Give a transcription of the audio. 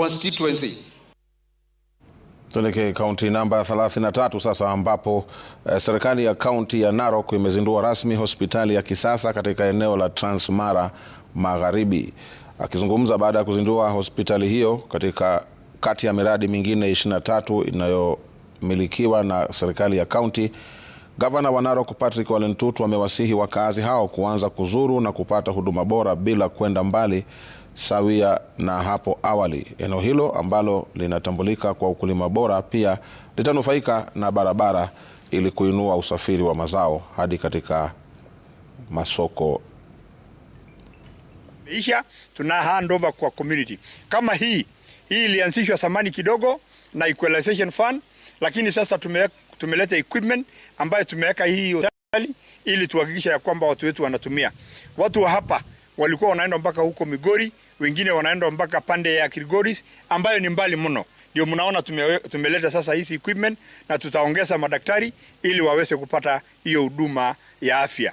constituency. Tuelekee kaunti namba 33 sasa ambapo eh, serikali ya kaunti ya Narok imezindua rasmi hospitali ya kisasa katika eneo la Transmara Magharibi. Akizungumza baada ya kuzindua hospitali hiyo katika kati ya miradi mingine 23 inayomilikiwa na serikali ya kaunti Gavana wa Narok Patrick Ole Ntutu amewasihi wakazi hao kuanza kuzuru na kupata huduma bora bila kwenda mbali sawia na hapo awali. Eneo hilo ambalo linatambulika kwa ukulima bora pia litanufaika na barabara ili kuinua usafiri wa mazao hadi katika masoko. Isha tuna kwa community. Kama hii hii ilianzishwa thamani kidogo na equalization fund, lakini sasa tume, tumeleta equipment ambayo tumeweka hii hoteli ili tuhakikisha ya kwamba watu wetu wanatumia. Watu wa hapa walikuwa wanaenda mpaka huko Migori, wengine wanaenda mpaka pande ya kirigoris ambayo ni mbali mno. Ndio mnaona tume, tumeleta sasa hizi equipment na tutaongeza madaktari ili waweze kupata hiyo huduma ya afya.